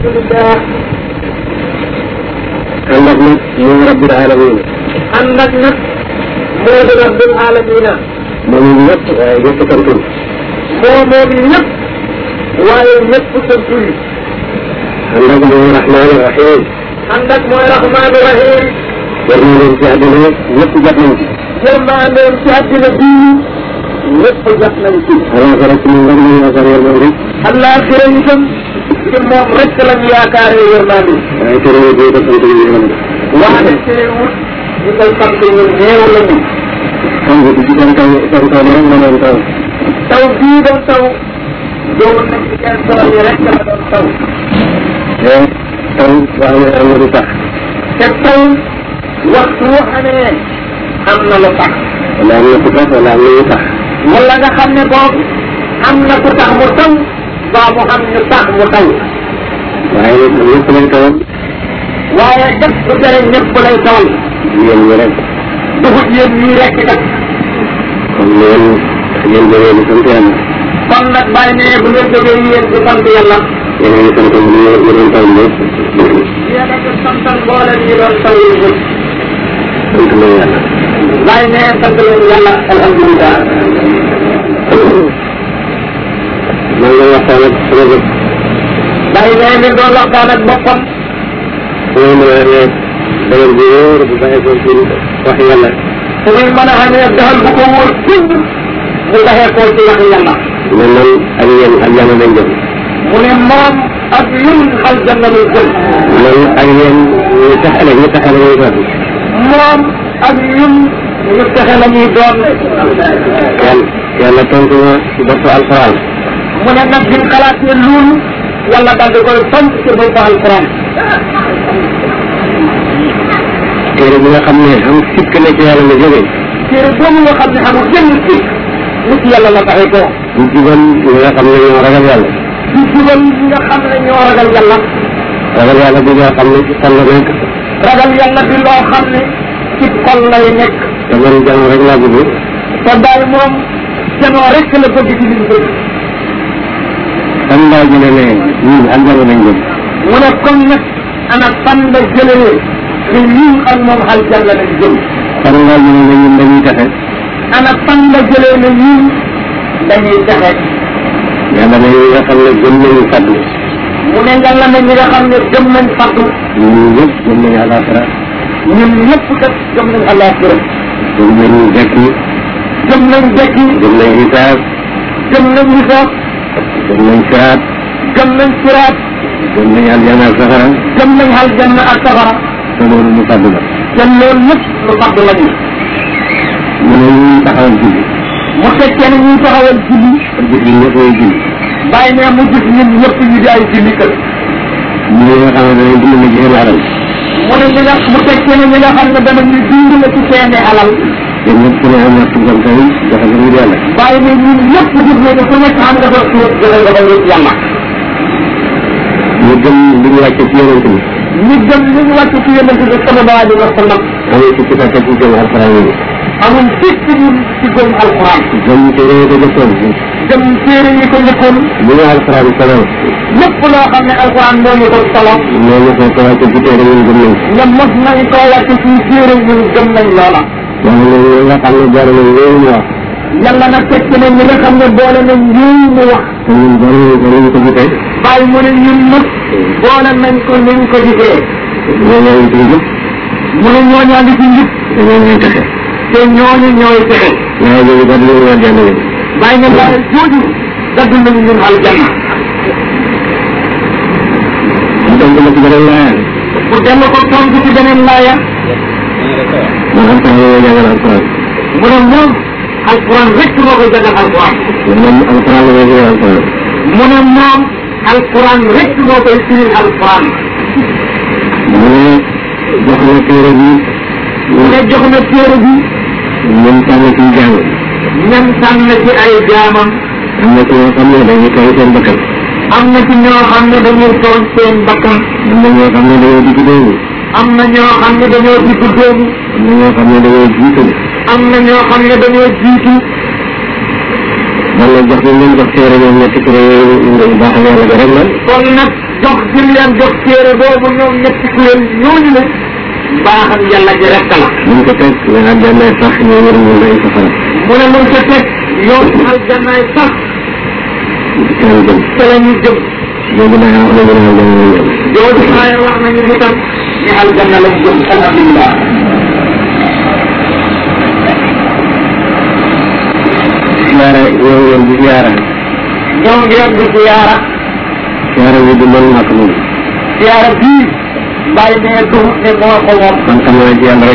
ànd ak nag moom rabbil alamin ànd ak nag moo di rabbil alamina moom ñëpp waaye ñëpp santul moo moom ñëpp waaye ñëpp santul ànd ak mooy rahmaani rahim ànd ak mooy rahmaani rahim yërmandeem ci àddina ñëpp jot nañ ci yërmandeem ci àddina bii ñëpp jot nañ ci alaxira ci moom rek lañu yaakaar yërmande alaxira itam ngir moom rek lañ yaakaaree yërmande. waaye terewul boo ko sant yërmande. waaye terewul ñu koy sant ñu néew lañu. taw bi di doon taw taw taw bi rek la doon taw. taw bii doon taw. doomu nag ci kenn solo yi rek la doon taw. mais eh, taw wax nga am na lu tax. te taw waxtu wu xamee am na lu tax. wala am na ku tax wala am na lu tax. wala nga xam ne boobu am na ku tax mu taw. waa mu xam ñu sax mu taw. waaye ñëpp lay tawal. waaye def lay tawal. yéen ñi rek. rek kat. kon loolu yéen jógee di sant yàlla. kon nag bàyyi ne bu ngeen jógee yéen di sant yàlla. yéen a ngi sant ñu ñu doon taw ñëpp. yéen a ngi santal mboolem ñi doon taw yi ñëpp. sant nañu yàlla. bàyyi ne sant nañu yàlla alhamdulilah. doon waxtaan ak robot. bàyyi nee na doon waxtaan ak boppam. mooy mën a amee dogal bu wóor bu bàyyi ko ci wax yàlla. te muy mën a amee dogal bu ko wóor dund. bu bàyyi ko ci wax yàlla. ne man ak yéen ak yàlla lañ jëm. mu ne moom ak ñun aljanna lañ jëm. man ak yéen ñu tax ëllëg ñu tax a la ñuy doon. moom ak ñun ñu tax a la ñuy doon. yàlla yàlla tontu ma ci bopp alxuraan. mu ne nag ñun xalaat ne loolu wala daal di koy fam ci bu nga xam ne amul sikk ne ci yàlla la jógee. téere boobu nga xam ne amul benn sikk lu ci yàlla la taxee koo. du jubal ñi nga xam ne ñoo ragal yàlla. du jubal ñi nga xam ne ñoo ragal yàlla. ragal yàlla bi nga xam ne nekk. ragal yàlla bi loo xam ne ci xol lay nekk. te man janoo rek laa bëgg. te daal moom janoo rek la bëgg ci li mu bëgg. fan laa jëlalee ñun ak boobu lañ jëm. mu ne comme nag ana fan la jëlalee ñun ñun ak moom xal jàll lañ jëm. fan laa jëlalee ñun dañuy taxe. ana fan la jëlee ne ñun dañuy taxe. yàlla na ñi nga xam ne gëm nañu faddu. mu ne yàlla na ñi nga xam ne gëm nañ faddu. ñun ñëpp gëm nañu alaxira. ñun ñëpp kat gëm nañu alaxira. gëm nañu dekki. gëm nañu dekki. gëm nañu hisaab. gëm nañu hisaab. gëm nañ siraat gëm nañ siraat gëm nañ aljanna ak safara gëm nañ aljanna ak safara te loolu lu fàdd la te loolu lépp lu fàdd la ñu mu ne ñuy taxawal julli mu fekkee ne ñuy taxawal julli gis ñi ñëpp ay julli bàyyi ne mu gis ñun ñëpp ñu di ay julli kër ñu ne nga xam ne danañ dund na ci seen alal mu ne ñi nga mu fekkee ne ñi nga xam ne danañu dund na ci seen alal yéen ñëpp ku ne am na suñu gàncax yi joxe nga wut yàlla. waaye nag ñun ñëpp gis nañ ko ku nekk xam nga doon suñu jëlee nga ba wut yàlla. ñu gëm li ñu wàcce ci yonent bi. ñu gëm li ñu wàcce ci yonent bi sama baa di wax sama. amul ci kita ci gëm alxuraan yi. amul fekk ñun ci gëm alxuraan. gëm téere yi ko jëkkoon. gëm téere yi ko jëkkoon. li ñu alxuraan solo. lépp loo xam ne alxuraan moo ñu ko solo. ñoo ñu ko ko wàcce ci téere yi gëm nañ. ñoom mos nañ koo wàcce ci téere yi gëm nañ loola. wala ñi nga xam ne boole nañ yooyu mu wax. yàlla nag fekk na ñi ne boole nañ yooyu mu wax. te ñun boole nañ ko ni ne ñun nag boole ko ni ñu ko gisee. ñoo ñoo ngi ci mu ne ñoo ñaa ngi ci njub. te ñoo ñuy te ñooñu ñooy texe. waaye boobu gàddu nañu waa jàmm yi. ñun aljanna. mu dem mu dem ko tontu ci beneen laaya. moo xam sax yooyu jàngal alquran. mu ne moom alquran rek moo koy jàngal alquran. moom alquran la koy jàngal alquran. mu ne moom alquran rek moo koy firil alquran. mu ne jox na téere bi. mu ne jox na téere bi. ñoom tànn ci jàng. ñoom tànn ci ay jaamam. am na ci ñoo xam ne dañuy tooñ seen bakkan. am na ci ñoo xam ne dañuy tooñ seen bakkan. am na ñoo xam ne dañoo dugg am na ñoo xam ne dañoo jiitu doomu. am na ñoo xam ne dañoo jiitu. am na ñoo xam ne dañoo jiitu. wala jox li leen jox téere ñoom ñetti kuréel yooyu ñu baax a yàlla rek la. kon nag jox li leen jox téere boobu ñoom ñetti kuréel ñooñu la. baaxal yàlla ji rek la. mun ko teg ñu àgganaay sax ñu wër ñu lay safara. mu ne mun ko teg yow àgganaay sax. ca la ñu jëm. ca la ñu jëm. jooju naa wax nañu ne xam nañu ne. jooju naa wax nañu ne tam. ni aljanna lañ jëm alhamdulilah siyaara ñoo ngeen di siyaara ñoo ngeen di siyaara siyaara bi du man maa ko ne moo ko moom man xam naa ci yàlla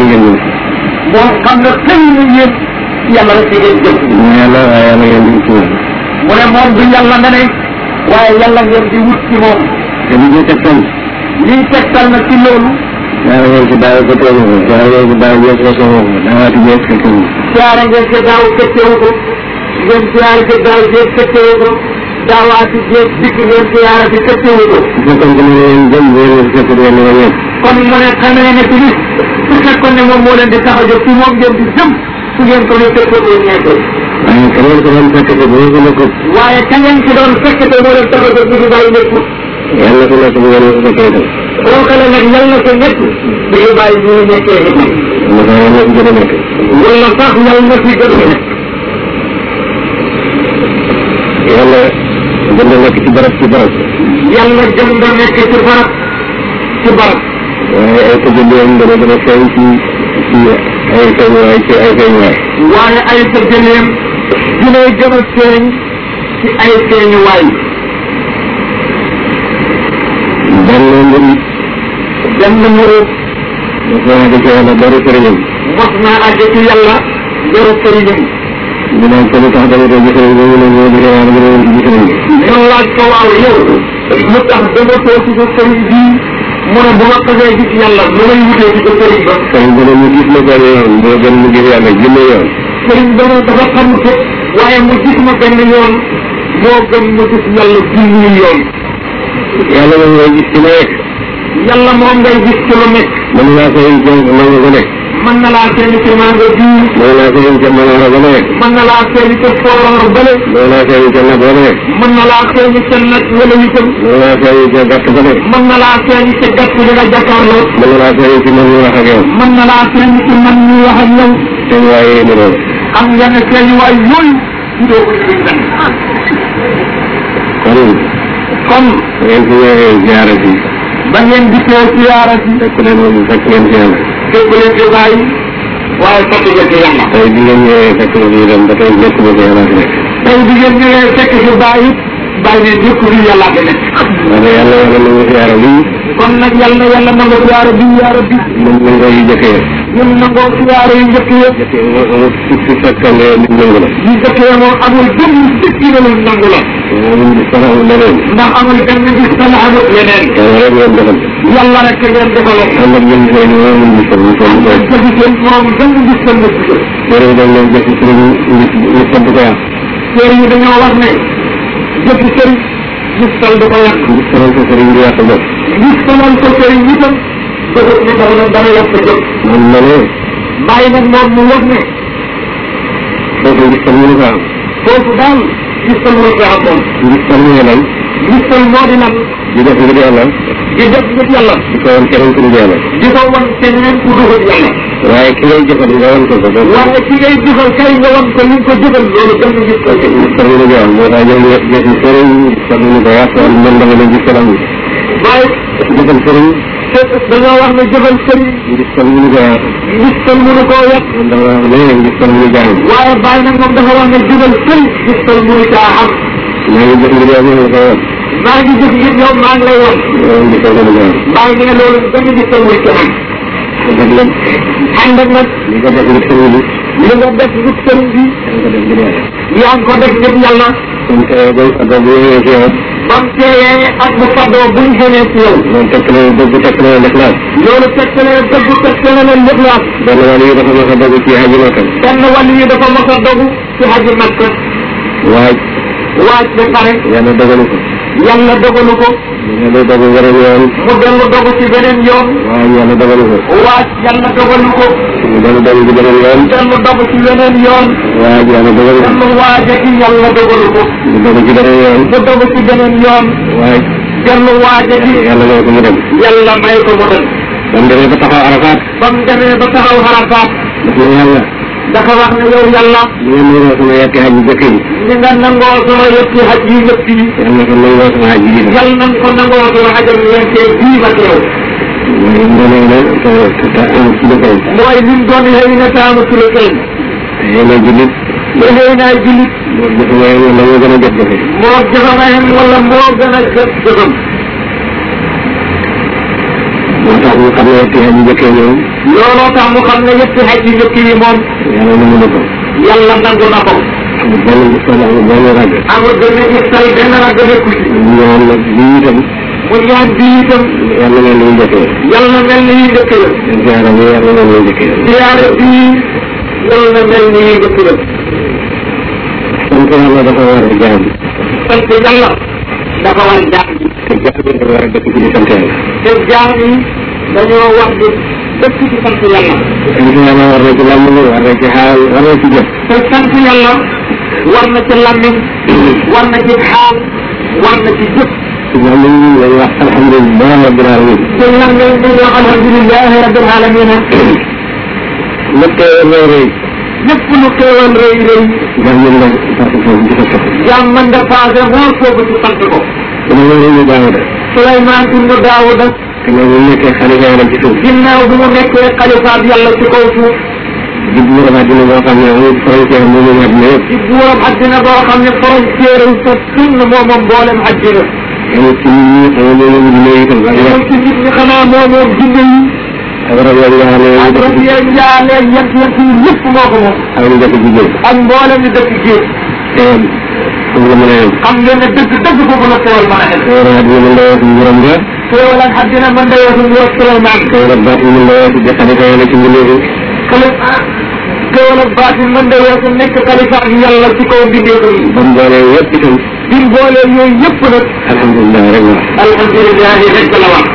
rek ngeen mu yàlla waaye yàlla ngeen di wut ci moom mu ne moom du yàlla nga liy tegtal nag ci loolu. jaara ngeen si bàyyi ko tegu ko jaara ngeen si bàyyi ko soo ko dawaati jeex fekke wu. jaara ngeen si daaw fekkewu ko ngeen jaara si daaw jeex fekkewu ko daawaati jeex dikk ngeen jaara si fekkewu ko. bu fekkoon ne leen jëm bu leen fekk leen ne leen. kon mu ne xamee ne ci bis su fekkoon ne moom moo leen di tax a jóg ci moom ngeen di jëm su ngeen ko ne fekkoon ngeen nekk. waaye ka ngeen ko doon fekk te bu ngeen ko. waaye ka ngeen si doon fekk te moo leen tax a jóg ñu di bàyyi nekkul. yal na ko nekk bu ngeen ko fekkee itam. ronkale nag yal na ko ñëpp. bu ñu bàyyi bu ñu nekkee itam. yal na ko gën a nekk. wala sax yal na fi gën a nekk. yàlla gën a nekk ci barab ci barab. yàlla gën a nekk ci barab ci barab. waaye ay tëjëliwam dana gën a feeñ ci ci ay feeñuwaay ci ay feeñuwaay. waaye ay tëjëliwam dina gën a feeñ ci ay feeñuwaay. delloo mbir mi. dem na Mourou. mos naa àgg ci naa àgg ci yàlla boru sëriñam. ñu naan ko lu tax dama doon gis rek ba mu ne boo gisee waaw dama doon gis tax dama toog ci sa sëriñ bii mu ne bu ma xasee gis yàlla lu may wutee ci sa mu gis la benn yoon moo gën mu gis mu gis yoon moo gën mu gis yàlla junni yoon. yàlla moom ngay gis ci lu nekk. yàlla moom ngay gis ci lu nekk. mën naa ko yëngu ci mën nga ko nekk. mën na laa seen ci maa nga jiw. mën naa ko yëngu ca mën naa ko nekk. mën na laa seen ca fooroor bële. mën naa seen ca nag wala nekk. mën na laa seen ca nag wala itam. mën naa seen ca gàtt bële. mën na laa seen ca gàtt bi nga jàkkaarloo. mën na laa seen ci man ñu wax ak yow. mën na laa seen ci man ñu wax ak yow. seen waay yooyu am nga ne seen waay yooyu. kon. ba ngeen fi ñëwee ziara ba ngeen di teew ziara ji. fekk leen woon fekk leen ngeen fi yàlla. bi ngeen ñëwee fekk na fi dem ba tey nekk ba fi yàlla fi nekk. tey bi ngeen ñëwee fekk fi bàyyi. bàyyi ne lépp lu yàlla fi nekk. wala yàlla yàlla na nga ziara bi. kon nag yàlla yàlla na nga ziara bi ziara bi. moom la nga yi jëkkee. ñun nangoo ci waare yu njëkk yi. njëkk yi moom amul suuf si fekkante nit nangu la. yu njëkk yi moom amul benn suuf si loolu nangu la. ndax amul benn bis dana amul leneen. yàlla rek ngeen defal. yàlla rek ngeen defaloo. yàlla ngeen defal ñu amul bis la. ñu seen borom benn bis la nga gis. yore yi dañ leen jëf ci suñu nit nit sant ko yàq. yore yi dañoo wax ne jëf sëriñ nit sant ko yàq. nit sant ko sëriñ di yàq ndox. nit sant ko sëriñ itam. jërëjëf ne dana dana yàq sa jëf. man ma ne. bàyyi nag moom mu wax ne. foofu gis tam mënu ko am. foofu daal gis tam mënu ko am moom. gis tam mu ngi lan. gis tam moo di lan. di def ngir yàlla. di def ngir yàlla. di ko wan keneen ku dul yàlla. di ko wan keneen ku dul yàlla. waaye ki ngay jëfal nga wan ko ko. waaye ki ngay jëfal kay nga wan ko li nga ko jëfal loolu benn gis ko. gis tam mënu ko am moo tax yow nga gis sëriñ gis tam mënu ko yàq wala man dama leen gis kanam bi. waaye. jëfal sëriñ. dañoo wax ne jëfal sëriñ. ngistal mënu ko yàq. ngistal mënu koo yàq. man dafa wax ne ngistal mënu jaay. waaye bàyyi nag moom dafa wax ne jëfal sëriñ. ngistal mënu caa am. maa ngi jëf ngir yow maa ngi koy wax. maa ngi jëf ngir yow maa ngi lay wax. loolu ngistal mënu jaay. bàyyi ne loolu benn ngistal mënu caa am. ànd ak nag. li nga def ngir sëriñ bi. li nga def ngir sëriñ bi. yaa ngi ko def ngir yàlla. yaa ngi ko def ngir yàlla. ba mu teeyee ak bu faddoo buñ génnee ci yow. moom fekk na dëgg fekk na lixlaas. loolu fekk na dëgg fekk na leen lixlaas. benn wàll yi dafa mos a dogu ci haji makka. benn wàll yi dafa mos a dogu ci haji makka. waaj. waaj ba pare. yàlla dogalu ko. yàlla dogalu ko. yàlla dogalu beneen yoon. mu dellu dogu ci beneen yoon. waaw yàlla dogalu ko. waaw yàlla dogalu ko. mu dellu dogu ci beneen yoon. mu dellu dogu ci beneen yoon. waaw yàlla dogalu ko. dellu waaja ci yàlla dogalu ko. mu dogu ci beneen yoon. mu dogu ci beneen yoon. waaw. dellu waaja ci. yàlla may ko mu dem. yàlla may ko mu dem. ba mu demee ba taxaw Arafat. ba mu demee ba taxaw Arafat. def na yàlla. dafa wax ne yow yàlla. di nga nangoo sama yetti xaj yu jëkk yi. di nga nangoo sama yetti xaj yu njëkk yi. yal na ko nangoo sama xaj yu njëkk yi. yal na ko nangoo sama xaj yu njëkk yi bii ba teew. mooy lim doon yéene te te te am ci lu koy. mooy lim doon yéene te am ci lu koy. te yéen a jullit. yéen a yéen a jullit. moo jafe mayam wala moo gën a jëf jëfam. moo jafe mayam wala moo gën a jëf jëfam. loolu tax mu xam ne yetti xaj yu njëkkee ñoom looloo tax mu xam ne yetti xaj yu njëkk yi moom yàlla nangu na ko yàlla nangu na ko amul benn gistal amul benn rag amul benn gistal benn rag nekku ci ñaan nag bii itam mu ñaan bii itam yàlla mel ni njëkkee yàlla mel ni njëkkee ziyaara bi yàlla mel ni njëkkee ziyaara bi yàlla mel ni njëkkee sant yàlla dafa war a jaam sant yàlla dafa war a jaam te jàpp nañ ne war a dëkk ci ñu sant yàlla. te jaam yi dañoo wax di dëkk ci sant yàlla. sant yàlla war na ci làmmiñ war na ci xaal war na ci jëf. te sant yàlla war na ci làmmiñ war na ci xaal war na ci jëf. ci làmmiñ bi dañuy wax alhamdulilah rabbil alamin. te làmmiñ bi dañuy wax alhamdulilah rabbil alamin. lu teewoon lay rëy. lépp lu teewoon rëy rëy. jaam man nga paase wóor foofu ci sant ko. dama loolu ñu daawuda Souleymane ibnu daawuda ginnaaw bi mu nekkee xalifa yàlla ci suuf ginnaaw bi mu nekkee xalifaab yàlla ci kaw suuf di buuram àddina boo xam ne amul frontière moomam àddina yëpp di buuram àddina boo xam ne frontière yu sa sunn moomam mboolem àddina amul ci nit ñi xanaa moomoom dina yi itam amul ci nit ñi xanaa moomoom dina yi ak rab ya njaale ak rab ya njaale yant yant yi yëpp moo ko moom ak mbooleem ñu dëkk géej foofu la mën a yem. xam ngeen ne dëgg dëgg foofu la xéwal mën a yem. xéwal ak ñu mën la yeesu nguuram nga. xéwal ak xam dina mën la yeesu nguur xéwal maa ngi. xéwal ak baat yi mën la yeesu jaxane kay la ci mbindeefi. xéwal ah xéwal ak baat yi mën la yeesu nekk xalifa ak yàlla ci kaw mbindeefi yi. ba mu boole yëpp itam. bi mu boole yooyu yëpp nag. alhamdulilah rek la. alhamdulilah rek la wax.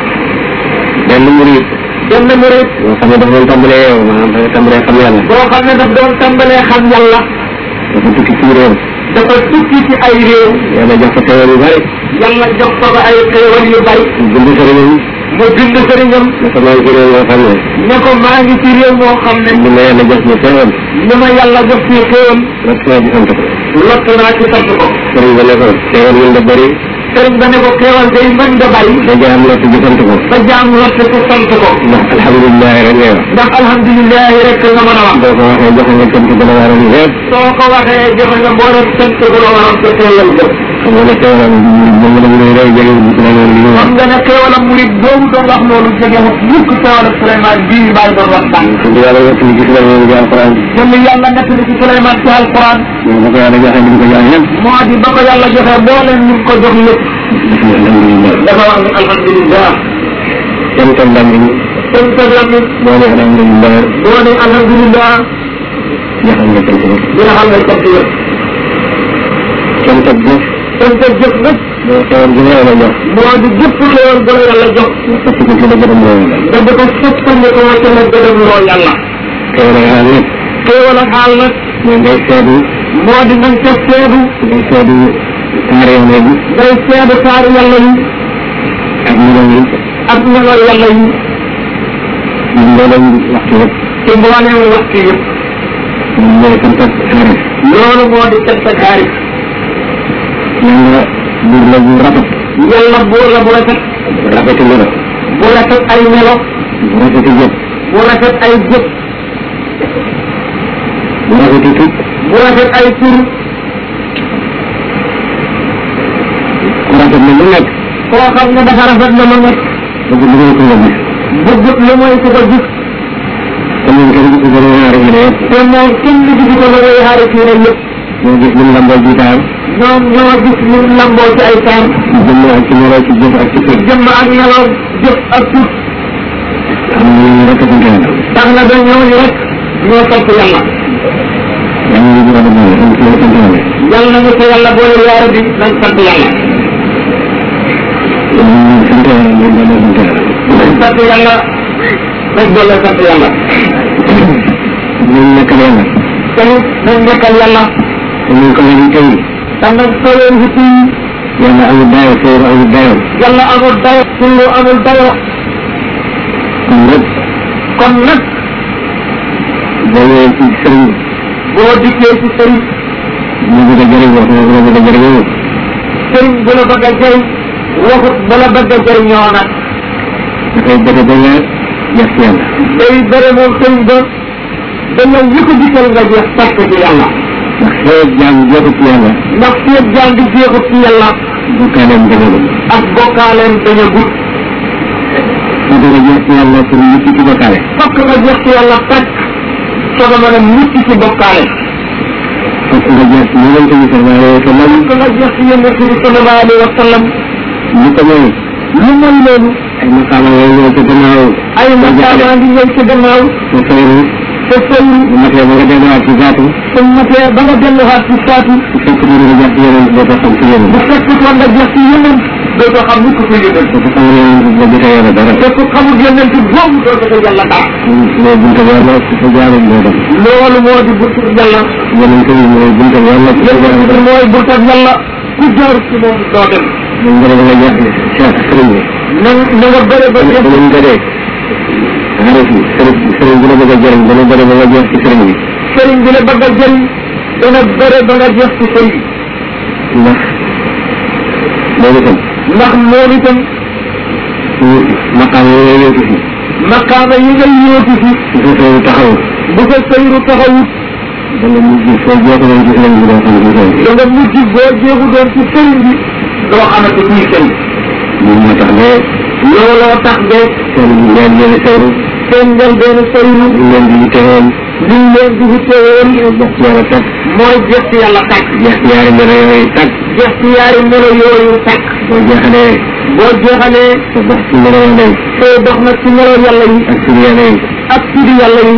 benn murid. benn murid. boo xam ne daf doon tàmbalee yow maanaam da nga tàmbalee xam yàlla. boo xam ne daf doon tàmbalee xam yàlla. dafa tukki ci réew. dafa tukki ci ay réew. yàlla jox ko xéwal yu bëri. yàlla jox ko ba ay xéwal yu bëri. mu bind sëriñam. mu bind sëriñam. ne ko maa ngi ci réew moo xam ne. ne ko maa ngi ci réew moo xam ne. li ma yàlla jox ñu xéwal. li ma yàlla jox ñu xéwal. lott naa ci sant ko. lott naa ci sant ko. sëriñ ba ne ko xéwal yi nga bëri. sëriñ ba ne ko xéewal day mën da bari ba jaam lott bi sant ko ba jaam lott ko sant ko ndax alhamdulilahi rek ngay wax ndax alhamdulilahi rek nga mën a wax boo ko waxee joxe nga sant ko la waroon lépp soo ko waxee joxe nga mboolem sant ko la waroon sa wala xewalam moom la mu rëy jege wut ci loolu li xam nga ne xewalam mu nit boobu doon wax loolu jege wut mukk xewalam Souleymane bii ñu bàyyi doon wax sax. sant yàlla nett ni ci Souleymane ci alquran. sant yàlla nett ni ci Souleymane ci alquran. ba ko yàlla joxe ni ko joxe ñëpp. moo di ba ko yàlla joxe boo leen ñu ko jox lépp. dafa wax ni alhamdulilah. kenn tam dam ni. kenn tam dam ni. boo nee alhamdulilah. boo nee alhamdulilah. jaxal nga sant yëpp. jaxal nga sant yëpp. sant bi. kon sa jëf nag. mooy xewal bu la yàlla jox. moo di jëpp xewal bu la yàlla jox. nga fëtt ko ci la gërëm loo yàlla. da nga ko sëppandikoo ci la gërëm loo yàlla. xewal ak xaal nag. xewal ak xaal nag. mooy ngay seedu. moo di nag sa seedu. ngay seedu taari yàlla yi. ngay seedu taari yàlla yi. ak melo yi. ak melo yàlla yi. ci mboolem waxtu yëpp. ci mboolem waxtu yëpp. loolu moo di sant ak xarit. loolu moo di sant ak xarit. yàlla buur la bu rafet. yàlla buur la bu rafet. rafet melo. bu rafet ay melo. bu rafet i jëf. bu rafet ay jëf. bu rafet i tur. bu rafet ay tur. ku rafet la lu nekk. koo xam ne dafa rafet la ma nekk. bëgg lu muy ko nga gis. bëgg lu muy ko nga gis. te moom kenn du ko gën a yaari kii ne yëpp. te moom kenn du ko gën a yaari kii ne yëpp. ñoo gis lim lambal bi daal. ñoom ñoo gis lu lamboo ci ay saar. jëmm ak ci meloo ci jëf ak ci tur. jëmm ak meloo jëf ak tur. am na ñooñu rek ak ngeen. tax na ba ñooñu rek ñoo topp yàlla. yàlla na ñu rafetlu yàlla na ñu sant yàlla. yàlla na ñu ko yàlla boole yaara bi nañ sant yàlla. nañ sant yàlla nañ doole sant yàlla. nañ sant yàlla nañ doole sant yàlla. nañ nekkal yàlla. tamit nañ nekkal yàlla. nañ ko yàlla tey. danga solo hutun yàlla amul amul dayo yàlla amul dayo sóoru amul dayo kon nag kon nag boo ñëwee ci sëriñ boo dikkee a wax na bu la bëgg a jëriñoo ba bu la bëgg a jëriñ waxut bu la bëgg a jëriñoo nag dafay bëgg ba nga jeex ci yàlla day bëre moom sëriñ ba dana yëkk dikkal nga jeex parce que ci feeg jàng jeexut ci yàlla. ndax feeg jàng jeexut ci yàlla. bokkaaleem dañu gudd. ak bokkaaleem dañu gudd. fokk nga jeex ci yàlla pour mucc ci bokkaale. fokk nga jeex ci yàlla pàcc. soog a mën a mucc ci bokkaale. fokk nga jeex ci yeneen kër yi sallallahu alayhi wa sallam. fokk nga jeex ci yeneen kër yi sallallahu alayhi wa sallam. lu ko may. lu mel noonu. ay maqaama yooyu ñëw ci gannaaw. ay maqaama ngi ñëw ci gannaaw. ba fël. bu matee ba nga delluwaat ci zaatu. bu matee ba nga delluwaat ci zaatu. bu fekk dina dina jeex ci yeneen doo ko xam ci yeneen. bu fekk kon nga jeex ci yeneen doo ko xam ni ko koy yëgal. doo ko xamul yeneen ba gisee yàlla dara. te ku xamul yeneen ci boobu doo ko koy yàlla dara. loolu bunte bu yàlla ci sa jaaroon doo dem. loolu moo di bunte bu yàlla. yeneen kër yi mooy bunte bu yàlla. yeneen kër mooy bunte bu yàlla. ku jaar ci moom doo dem. na nga bëre ba jeex ci sa sëriñ bi. na nga bëre ba jeex. dana fi sëriñ bi la bëgg a jëriñ dana bëri ba nga jeex ci sëriñ bi. sëriñ bi la bëgg a jëriñ dana bëri ba nga jeex ci sëriñ bi. ndax loolu itam. ndax loolu itam. su maqaama yi nga yóotu fi. maqaama yi nga yóotu fi. bu sa sëriñ taxawut. bu sa sëriñ taxawut. da nga mujj soo jeexu doon ci sëriñ bi doo xam ci sëriñ bi. da nga mujj boo jeexu doon ci sëriñ bi doo xamante ni sëriñ. moom moo tax de. looloo tax de. sëriñ bi léeg-léeg sëriñ. seen njëlbeenu sëriñu. li leen di yite woon. li leen di yite woon. mooy jeex yàlla tàkk. mooy jeex yàlla tàkk. jeex yaari melo yooyu tàkk. jeex yaari melo yooyu tàkk. boo jeexalee. boo jeexalee. soo dox ci melo yàlla yi. soo dox nag ci melo yàlla yi. ak tudd yàlla yi.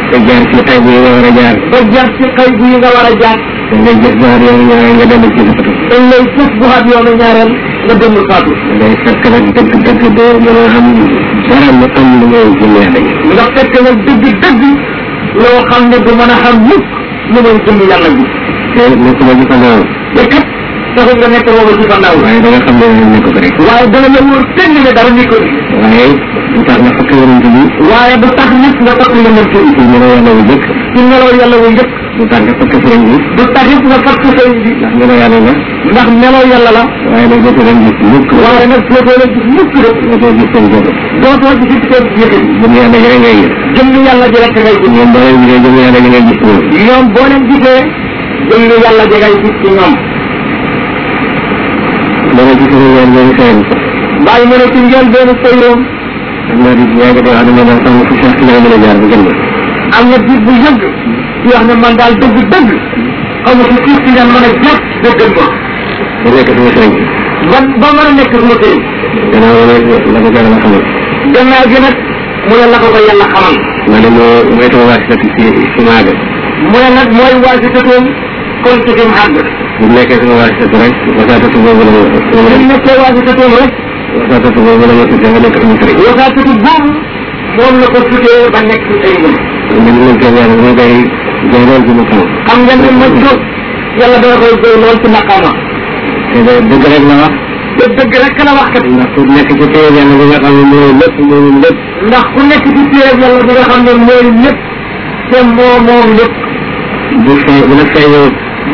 ak tudd yàlla yi. ba jaar ci xay bu yi nga war a jaar. ba jaar ci xay bu yi nga war a jaar. dañ lay jëf bu xaat yoonu ñaareel nga dem ci sa bopp. dañ lay jëf bu xaat yoonu ñaareel. la gën a faatu. day fekk nag dëgg dëgg doo mën a xam dara mu am lu ngay jullee rek. ndax fekk nag dëgg dëgg loo xam ne du mën a xam mukk lu may dund yàlla bi. te nekk ba ci fandaaw. te kat taxul nga nekk booba ci fandaaw. waaye da nga xam ne nekk ko rek. waaye dana la wóor tënk ne dara nekk ko. waaye du tax nga fàtte yonent bi. waaye du tax nit nga fàtte yonent bi. ci nelaw yàlla wu njëkk. ci nelaw yàlla wu njëkk. du tax nga fàtte sëriñ bi. du tax it nga fàtte sëriñ bi. ndax nelaw yàlla la. ndax nelaw yàlla la. waaye nag dootoo leen gis mukk. waaye nag dootoo leen gis mukk rek. dootoo gis seen bopp. dootoo gis seen yëkkati. jëm yàlla ji rek ngay gis. jëm yàlla ji rek ngay gis. ñoom boo leen gisee jëm yàlla ji ngay gis ñoom. ñoom boo leen gisee jëm yàlla ji ngay gis ci ñoom. dana gis ñu ñaar benn sëyam. bàyyi ma ne ci ñaar benn sëyam. am na di ñaari doo xam ne man sama fi sax naa mën a jaar ba gën am na biir bu yëgg. di wax ne man daal dëgg dëgg. xaw ma si suuf si nga mën a jàpp ba gën ma. ba nekk sama sëriñ. ba ba mën a nekk sama sëriñ. gannaaw la la ko yàlla xamal. gannaaw gi nag mu ne la ko ko yàlla xamal. ma ne moo mooy sama waasitatu si si ma àgg. mu ne nag mooy waasitatoom kon si fi mu àgg. bu nekkee sama waasitatu rek wasaatatu boobu la ma. bu nekkee waasitatoom rek. wasaatatu boobu la ma tuddee ba nekk sama sëriñ. wasaatatu boobu moom la ko tuddee ba nekk ay mën. ngeen mën cee yàlla moo koy góor lool bi ma xam. xam ngeen ne ma jóg yàlla dana koy góor lool ci maqaama. te dëgg rek la wax. te dëgg rek la wax kat. ndax ku nekk ci téere yàlla bi nga xam ne mooy lépp mooy lépp. ndax ku nekk ci téere yàlla bi nga xam ne mooy lépp. te moo moom lépp. bu fee bu la feeñoo.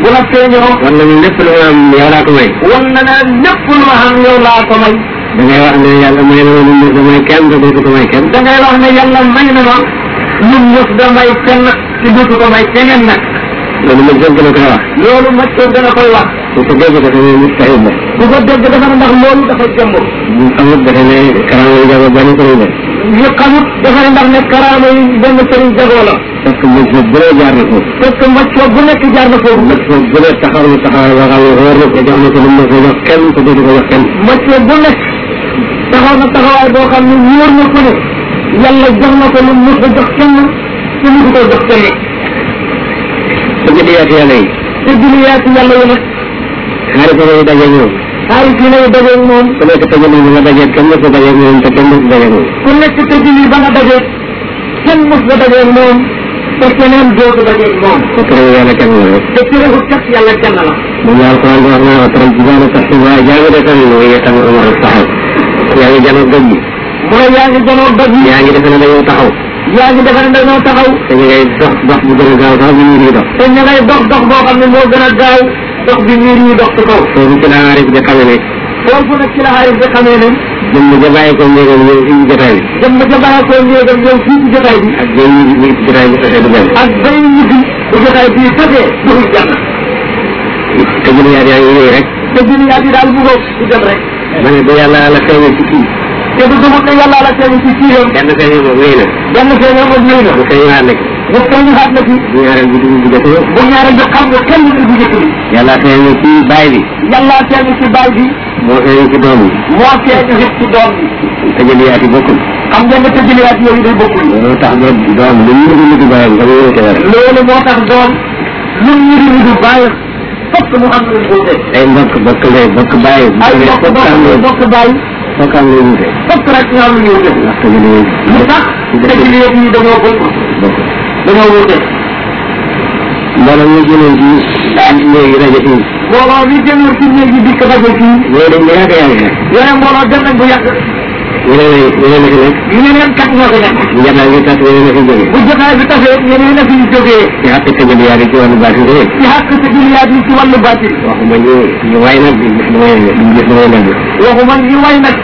bu la feeñoo. war nañu lépp lu ma am yow laa ko may. war na naa lépp lu ma am yow laa ko may. da ngay wax ne yàlla may na ma lu may kenn te dootu ko may kenn. da ngay wax ne yàlla may na ma. lu mës da may kenn te dootu ko may keneen nag. loolu ma jëm dana koy wax. loolu ma jëm dana koy wax. ku ko dégg dafa ne taxaw ma. ku ko dégg dafa ne ndax loolu dafa jëmb. ñu xamut dafa ne karaama yi jagoo benn sëriñ la. ñu xamut dafa ne ndax ne karaama yi benn sëriñ jagoo la. parce que mos bu bëree jaar na foofu. parce que mos bu nekk jaar na foofu. mos bu bëree taxaw na taxaw yoo xam ne wóor na ko jox na ko lu mu ko jox kenn te dootu ko jox kenn. mos bu nekk taxaw na taxawaay boo xam ne wóor na ko ne yàlla jox na ko lu mu ko jox kenn te mu ko jox kenn. te jëliyaati yàlla yi. te jëliyaati yàlla yi nag. xarit yi dajeeg moom. xarit yi lay dajeeg moom. ku nekk tëj lii ba nga dajeeg kenn mës nga dajeeg moom te kenn mës nga dajeeg moom. ku nekk tëj lii ba nga dajeeg kenn mës nga dajeeg moom te keneen dootu dajeeg moom. te keneen yàlla kenn la rek. te keneen ku kat yàlla kenn la. mu ñaar ko ànd wax naa ko trop bu baax a sax waaye jaa ngi defal lu muy itam lu war a taxaw. yaa ngi janoog doj bi. mooy yaa ngi janoog doj bi. yaa ngi defe ne dañoo taxaw. yaa ngi defe ne dañoo taxaw. te ñu ngay dox dox bu gën a gaaw sax bu ñu ngi dox. te ñu ngay dox dox boo xam ne moo gën a gaaw dox bi niir ñuy dox ci kaw. foofu ci la xaarif di xamee ne. foofu nag ci la xaarif di xamee ne. jëmm ja bàyyi ko njëgam ñëw fii ci jotaay bi. jëmm ja bàyyi ko njëgam ñëw fii ci jotaay bi. ak béy mi ngi ci jotaay bi tasee du benn. ak béy mi ngi bu jotaay bii tasee duxul jànn. te jëli yaat yaa ngi rek. te jëli yaat yi daal bu boobu du dem rek. ma ne ba yàlla la feeñal ci kii. te du dugg te yàlla la feeñal ci kii yoon. benn feeñal moom wéy na. benn feeñal moom wéy na. bu feeñal laa nekk. nga feeñaat la fi. bu ñaareel bi dugub bu njëkk bi. bu ñaareel bi xam nga kenn du bu njëkk bi. yàlla feeñu ci baay bi. yàlla feeñu ci baay bi. moo feeñu ci doom bi. moo feeñu it ci doom bi. tëjëliyaat yi bokkul. xam nga nga tëjëliyaat yooyu day bokkul. loolu tax doom doom lu mu ngi ngi bàyyam nga wóor ko yàlla. loolu moo tax doom lu mu ngi ngi bàyyam fokk mu am lu mu ay mbokk bokk lay bokk bàyyi. ay mbokk bokk bokk bàyyi. fokk am lu mu wute. fokk rek ñu am lu ñu wute. ndax tëjëliyaat yi dañoo bokkul dañoo wuute. bala ñuy jëloon ci léegi rajo fii. mbooloo mi jëloon ci léegi dikk rajo fii. yooyu dañ ko yàgg yàgg na. yeneen mbooloo dem nañ bu yàgg. yeneen yeneen a fi nekk. yeneen kat ñoo ko nekk. njataa ngi tas yeneen a fi jógee. bu jotaay bi tasee yeneen a fi jógee. ci xàq sa jëli yaa ci wàllu baati bi. ci xàq sa jëli yaa ci wàllu baati. waxuma ñu ñu waay nag duñ gis lu may duñ gis lu may nag. waxuma ñu waay nag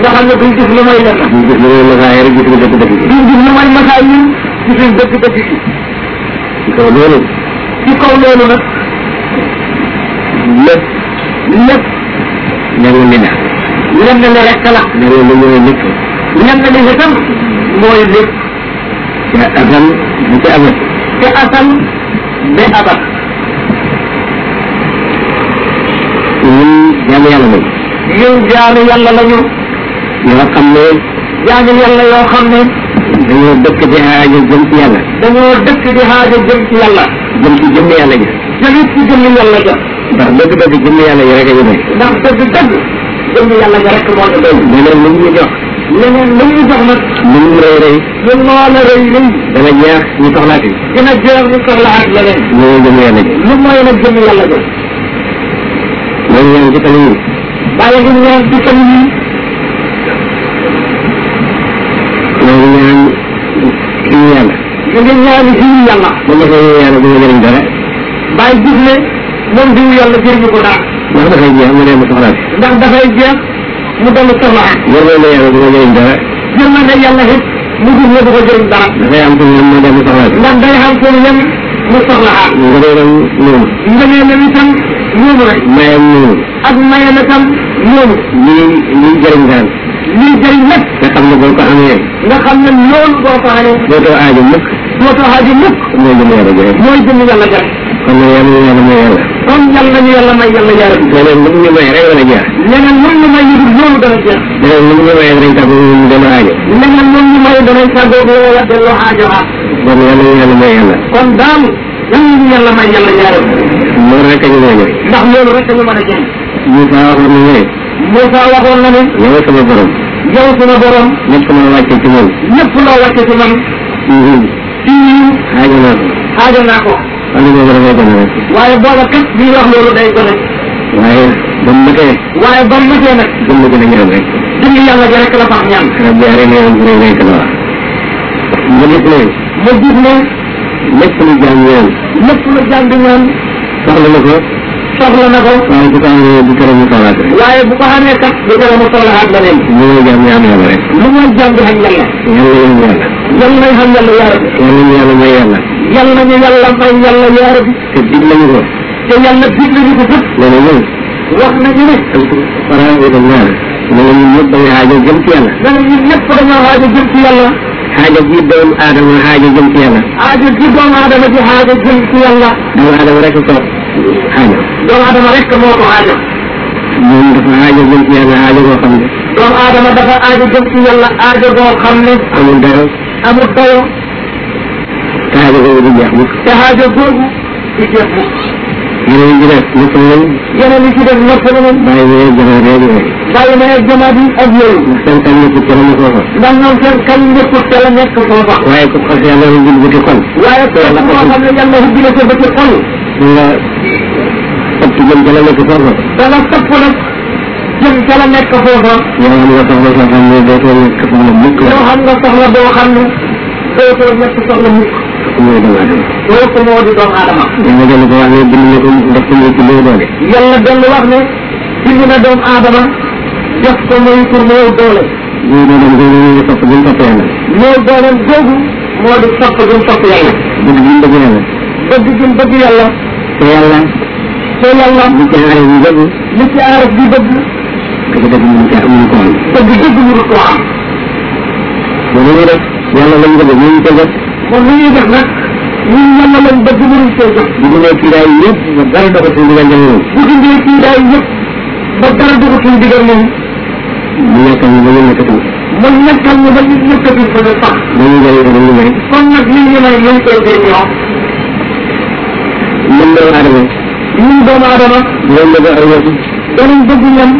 nga xam ne duñ gis lu may nag. duñ gis lu may masaa yi rek gis lu dëgg dëgg. duñ gis lu may masaa yi ci suñ bëgg-bëgg gi. ci kaw loolu. ci kaw loolu ni na. ñam na ne rek la. ni mooy lépp. ñam na ne ne tam mooy lépp. ca asal bu ca abal. ca asal ba abal. ñun jaamu yàlla lañu. ñun jaamu yàlla lañu. yoo xam ne. jaamu yàlla yoo xam ne. dañoo dëkk di aajo jëm ci yàlla. dañoo dëkk di aajo jëm ci yàlla. jëm ci jëmm yàlla ji. jëmit ci jëmm yàlla ja. ndax dëgg-dëgg jëmm yàlla ji rek a ñu doy. ndax dëgg-dëgg jëmm yàlla ja rek moo ñu doy. leneen lu ñu jox. leneen lu ñu jox nag. lu mu rëy rëy. lu moo la rëy rëy. dana jeex ñu soxlaat yi. dina jeex ñu soxlaat leneen. loolu jëmm yàlla ji. lu mooy nag jëmm yàlla ja. loolu ñaan ci tamit yi. bàyyi ñu ñaan ci tamit yi. ngi ñaan ci yàlla. da nga ñaan ci yàlla. ba nga koy yàlla du ma jëriñ dara. bàyyi gis ne moom diw yàlla jëriñu ko dara. ndax dafay jeex mu dem soxlaa ndax dafay jeex mu dem soxlaa. jërëjëf la yàlla du ma jëriñ dara. jërëjëf la yàlla it mu gis ne du ko jëriñ dara. dafay am suñu yem mu dem soxlaa ndax day am suñu yem mu soxlaa. nga doon am noonu. nga nee na itam noonu rek. mayam noonu. ak mayam itam noonu. lii lii jëriñ dara. liy jëriñ nag. nga xam ne boo ko amee. nga xam ne loolu boo ko amee. dootoo aajo mukk. dootoo aajo mukk. mooy jëm yàlla jërëjëf. mooy jëm yàlla jërëjëf. kon nag yàlla yàlla may yàlla. kon yàlla ñu yàlla may yàlla jaaree. leneen lu mu ñu may rek dana jeex. leneen lu mu ñu may ñu dul loolu dana jeex. leneen lu mu ñu may rek dana dana aajo. leneen lu mu ñu may dana tàggoo ba wala delloo aajo ah. kon yàlla ñu yàlla may yàlla. kon daal yàlla ñu yàlla may yàlla jaaree. loolu rek a ñu may ndax loolu rek a ñu mën a jeex. ñu faa wax la mu ñëwee. Moussa waxoon na ne. yow sama borom. yow sama borom. ñëpp la wàcce ci man. ñëpp la wàcce ci man. ci ñun. aajo naa ko. aajo naa ko. wala booba dafay gën a rek. waaye booba kat bi wax loolu day gën a. waaye ba mu matee. waaye ba mu matee nag. jëmm gën a ñaan rek. jëmm yàlla bi rek la baax ñaan. rabbi arina yanzur ilayka la wax. nga gis ne. nga gis ne. lépp lu jàng ñaan. lépp lu jàng ñaan. soxla na ko. soxla na ko. waaye bu ko amee bu keroog mu soxlaat rek. waaye bu ko amee kat bu keroog mu soxlaat ba leen. lu ma jàmm am yàlla rek. lu ma jàmm di xam yàlla. yàlla nañu xam yàlla yaa rabbi. yàlla nañu yàlla may yàlla. yàlla nañu yàlla may yàlla yaa rabbi. te dig nañu ko. te yàlla dig nañu ko fët. loolu moom. wax nañu ne. alhamdulilah bi dem naa la. loolu ñun ñëpp dañuy aajo jëm ci yàlla. dana ñun ñëpp dañoo aajo jëm ci yàlla. xaaja ji doomu aadama xaaja jëm ci yàlla. aajo ji doomu aadama ji xaaja jëm ci yàlla. doomu aadama rek a soog. xaaja. doomu aadama rek moo ko xaaja. moom dafa aajo jëm ci yàlla aajo goo xam ne. doomu aadama dafa aajo jëm ci yàlla aajo goo xam ne. amul dayoo. amul dayoo. te aajo googu du jeex mukk. te aajo googu du jeex mukk. yeneen yi ci def noppalu nañu. yeneen yi ci def noppalu nañu. bàyyi ma yeeg jamaat yeeg yooyu. bàyyi ma yeeg jamaat yi ak yooyu. ndax seen kan nekkul ca la nekk foofa. ndax ñoom seen kan nekkul ca la nekk foofa. waaye ku xas yàlla ubbil bëti xol. waaye ku xas yàlla ubbil bëti xol. jëm ca la nekk foofa. dana sëpp nag jëm ca la nekk foofa. yoo xam nga soxla soo xam ne dootoo nekk soxla mukk. yoo xam nga soxla boo xam ne dootoo nekk soxla mukk. mooy doomu aadama. loolu ko moo di doomu aadama. yàlla dellu ko wax ne bind na ko def ko muy tur doole. yàlla dellu wax ne bind na doomu aadama def ko muy tur néew doole. néew dooleem googu mooy sopp gën sopp yàlla. néew dooleem googu moo di sopp gën sopp yàlla. bëgg gën bëgg yàlla. bëgg gën bëgg yàlla. te yàlla. te yàlla. li ci aarab bi bëgg. li ci aarab bi bëgg. dëgg dëgg mënu ko mënu ko am. dëgg dëgg mënu ko am. loolu la def yàlla lañ bëgg mënuñ ko def. kon li ñuy def nag ñun yàlla lañ bëgg mënuñ ko def. bu dundee kiiraay yëpp ba dara doxatul digal ñoom ñoom. bu dundee kiiraay yëpp ba dara doxatul digal ñoom. mu nekkal ñu ba ñu nekkatul. mu nekkal ñu ba ñu nekkatul fa ne sax. dañuy jaay te dañuy may. kon nag li ñu may ñu koy jëriñoo. mën nga aadama. ñun doomu aadama. ñoom la bëgg a yor. danañ bëgg ñam.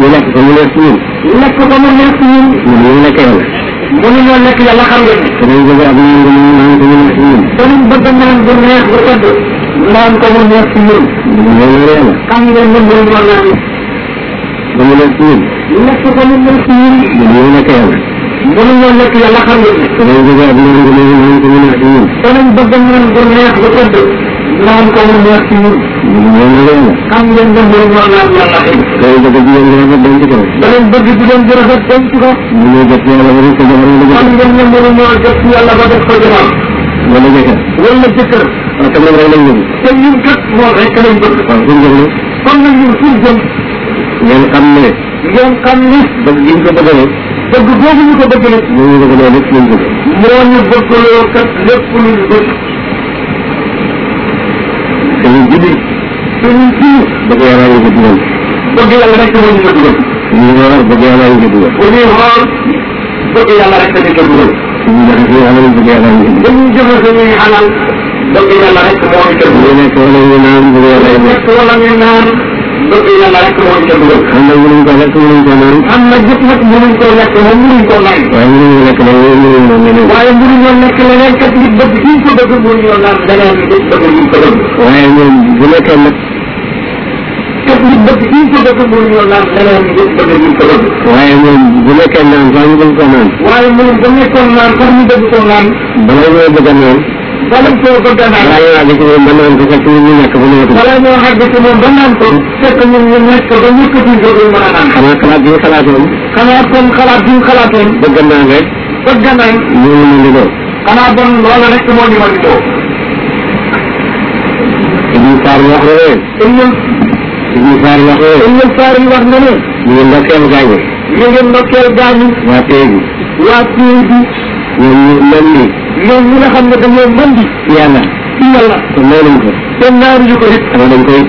ñu lekk ko mu neex ci ñun. lekk ko mu neex ci ñun. ñun ñu lekk yàlla. mënuñoo lekk yàlla xam nga. danañ bëgg ak ñoom ñu naan ko mu neex ci ñun. danañ bëgg naan bu neex bu tëdd. naan ko mu neex ci ñun. ñoom la yàlla. xam ngeen ne mënuñoo naan. ba mu neex ci ñun. lekk ko mu neex ci ñun. ñun ñu lekk yàlla. mënuñoo lekk yàlla xam nga. danañ bëgg ak ñoom ñu naan ko mu neex ci ñun. danañ bëgg naan bu neex bu tëdd. naan ko mu neex ci ñun. ñoom ñoom. xam ngeen dem ba mu naan yàlla. loolu bëgg di leen gërëm dem ci kaw. da leen bëgg di leen gërëm dem ci kaw. ñu ngi jot yàlla ba def ko jamono la. xam ngeen ne mënu maa jot yàlla ba def ko jamono. wala jëkkër. wala jëkkër. waaw te moom rek lañ bëgg. te ñun kat moom rek lañ bëgg. waaw suñ jëm la. kon nag ñun suñ jëm. ngeen xam ne. ngeen xam ne. bëgg gi ñu ko bëggalee. bëgg boobu ñu ko bëggalee. ñoo ñu bëgg loolu lépp luñ bëgg. moo ñu bëgg loolu kat lépp luñ bëgg. lu guddi. bëgg yàlla lu ko dugal. bëgg yàlla rek tamit lu ko dugal. suñuy woor bëgg yàlla lu ko dugal. suñuy woor bëgg yàlla rek tamit ko dugal. suñuy def suñuy alal bëgg yàlla lu ko dugal. dañuy jëfee suñuy alal bëgg yàlla rek moo ñu ko dugal. ñu nekk wala ñu naan bëgg yàlla ñu nekk wala ñu naan bëgg yàlla rek moo ñu ko dugal. am na mënuñ ko lekk mënuñ ko naan. am na jëf nag mënuñ koo lekk moom mënuñ koo naan. waaye mënuñ lekk nag mënuñ naan leneen. waaye mënuñoo lekk leneen kat nit bëgg fi ñu ko bëgg mënuñoo naan leneen nit bëgg ñu ko bëgg. waaye ñoom bu nekkee nag. képp ku bëgg li ñu ko bëgg mooy ñoo naan xelal ñu bëgg ñu ko bëgg. waaye moom bu nekkee naan sax ñu bëgg ko naan. waaye moom ba nekkoon naan sax ñu bëgg ko naan. bala ñoo bëgg a naan. bala ñoo bëgg a naan. bala ñoo àgg ci moom ba naan ko fekk ñu nekk ba nekk. bala ñoo àgg ci moom ba naan ko fekk ñun ñu nekk ba nekk ci ñu ko mën a naan. xanaa xalaat bi ñu xalaatoon. xanaa kon xalaat bi ñu xalaatoon. bëgg naan rek. bëgg naan. ñu mën di doon. xanaa bon loola rek moo ñu mën di doon. Ibnu Saar wax na leen. Ibnu Saar wax na leen. Ibnu Saar yi wax na leen. ñu ngi ndokkeel gaañu. waa Pays waa Pays bi. ñoom ñu mën di. ñoom ñi nga xam ne dañoo mën di. yàlla. yàlla. te may nañ ko. te naanuñu ko it. xanaa dañ koy mu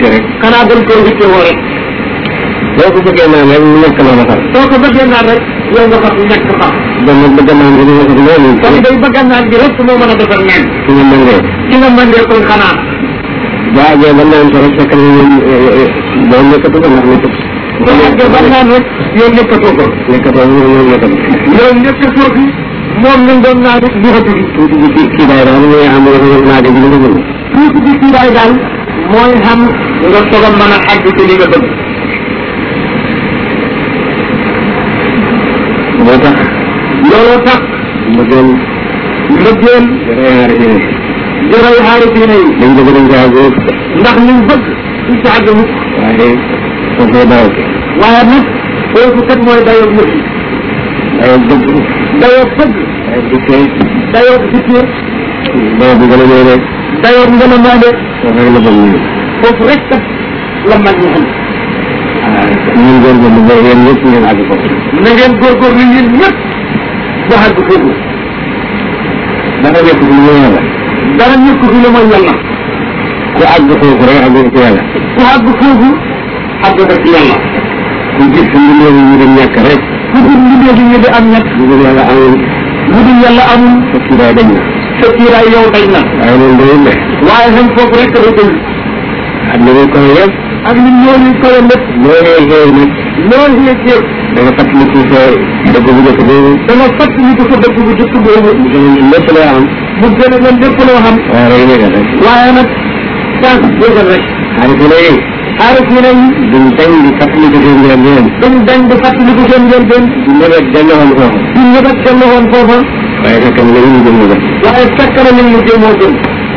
nekk noonu sax. boo ko bëggee naan rek yow nga fas nekk sax. dama bëgg naan bi loolu. kon day bëgg naan bi rek moo mën a defar naan. waaw jërëjëf ba naan rek fekk na ñoom eh, eh, boo nekkatu ko ndax nekkatu. boo nekkee ba naan rek yow nekkatoo ko. nekkatoo ko yow nekkatu. yow nekkatoo ko moom lañ doon naan rek nekkatu ko. tuuti bi kii kii daay daal mooy am nga doon naan rek li nga bëgg. tuuti bi kii daay daal mooy xam nga soog a mën a àgg ci li nga bëgg. moo tax. looloo tax. mbëggeel. mbëggeel. jaral xaarisiina yi. dañ bëgg dañ caa góor. ndax liñ bëgg duñ ca àgg mukk. waaye foofu la dayoo. waaye nag foofu kat mooy dayoo mbir mi. dayoo bëgg. dayoo bëgg. dayoo dikkee. dayoo dikkee. dayoo bu gën a ñëw rek. dayoo ngën a maande. foofu rek la bëgg ñu. foofu rek kat la mag ñu xam. Ah, ñun góorgóorlu ba yéen ñëpp ngeen àgg ko. na ngeen góorgóorlu yéen ñëpp ba àgg foofu. dana nekk lu wéy la. dara nekku fi lu mooy yàlla. ku àgg foofu rek àgg ci ku àgg foofu àgg ko ci ku gis mbindeebi ñu di ñàkk rek. ku gis mbindeebi ñu di am ñàkk. bu dul yàlla amul. bu dul yàlla amul. sa kiiraay dañ na. sa kiiraay yow dañ na. waaye loolu doyul de. waaye xam foofu rek dafa doyul. ak li muy koy yëpp. ak li ñooñu koy lépp. loolee xew nag. loolu la ceeb. da nga fàttaliku sa dëkk bu njëkk boobu. da nga fàttaliku sa dëkk bu njëkk boobu. lépp mu gën a leen lépp loo xam. waaye nag sànq yëgal rek. xaarifu na yéen. xaarifu na yi. duñ dañ di fàttaliku seen njëlbeen. duñ dañ di fàttaliku seen njëlbeen. du ñëbët dellu woon foofa. du ñëbët dellu woon foofa. waaye fekk na li mu jëm moo gën. waaye fekk na li mu jëm moo gën.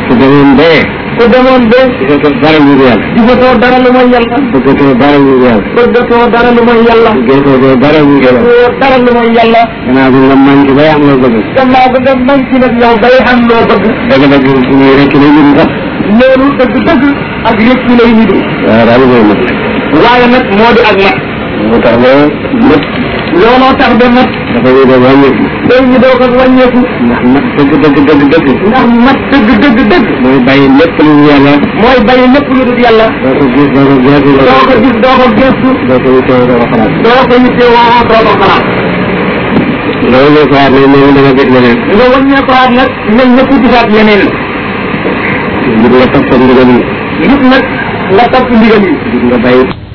su demee mbéyee. ku demoon ba. bëggatoo dara lu mooy yàlla. bëggatoo dara lu mooy yàlla. bëggatoo dara lu mooy yàlla. bëggatoo dara lu mooy yàlla. bëggatoo dara lu mooy yàlla. dara lu mooy yàlla. gannaaw bi nga mën ci bay am loo bëgg. gannaaw bi nga mën ci nag yow bay am loo bëgg. dëgg-dëgg suñuy rekk lay ñu sax. loolu dëgg-dëgg ak rekk lay ñu waaw daal mooy mat. waaye nag moo di ak mat. mu tax ba mat looloo tax ba mat. dafa wéy doo ko wàññeeku. day ñu doo ko wàññeeku. ndax mat dëgg dëgg dëgg dëgg. ndax mat dëgg dëgg dëgg. mooy bàyyi lépp lu dul yàlla. mooy bàyyi lépp lu dul yàlla. doo ko gis doo ko geesu. doo ko gis doo ko geesu. doo ko yittewoo doo ko xalaat. doo ko yittewoo doo ko xalaat. loolu la ko aar nag nee na dama gis leneen. nga wàññeeku aar nag nañ ñëpp gisaat leneen. ngir nga topp sa ndigal yi. ngir nag nga topp ndigal yi. ngir nga bàyyi.